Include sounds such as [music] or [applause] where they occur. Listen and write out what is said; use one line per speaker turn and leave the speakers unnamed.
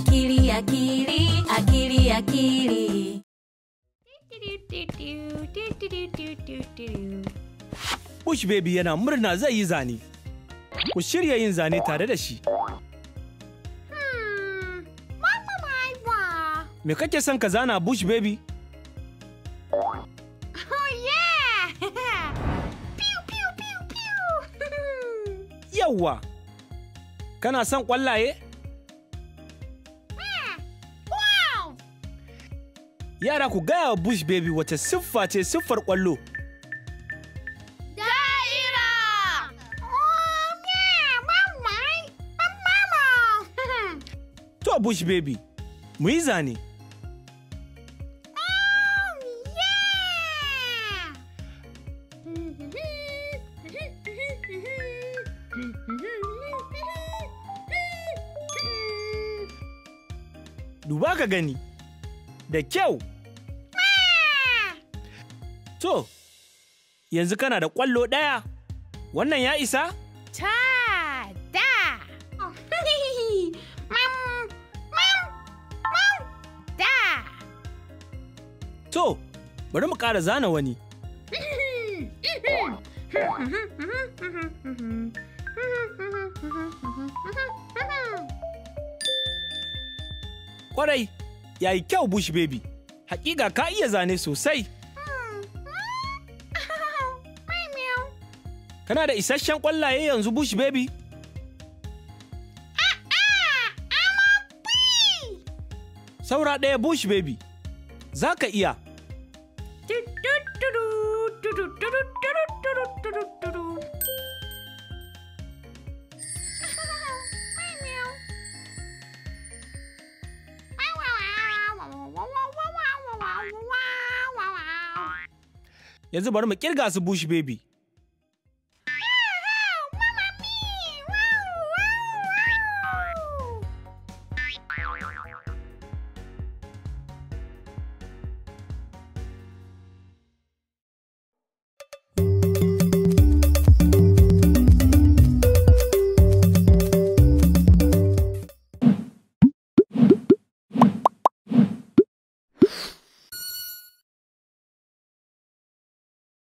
akili akili akili akili Bush Baby yana murna zai yi zane. Ku shirya yin zane tare da shi. mama Me kake son ka zana Bush Baby? Oh [laughs] [laughs] Yawwa! Kana son ƙwallaye? Yara ku gaya wa Bush Baby wace siffa ce siffar kwallo. Da'ira! Oh, mama, mama. to Bush Baby, mu yi zane. Duba ka gani. da kyau. To, yanzu kana da ƙwallo ɗaya, wannan ya isa? Ta da! [laughs] Mam, mam, mam, da! To, bari mu ƙara zana wani. [laughs] Kwarai! yayi kyau bush baby hakika ka iya zane sosai kana da isasshen kwallaye yanzu bush baby saura ɗaya bush baby za ka iya yanzu bari mu kirga su bush baby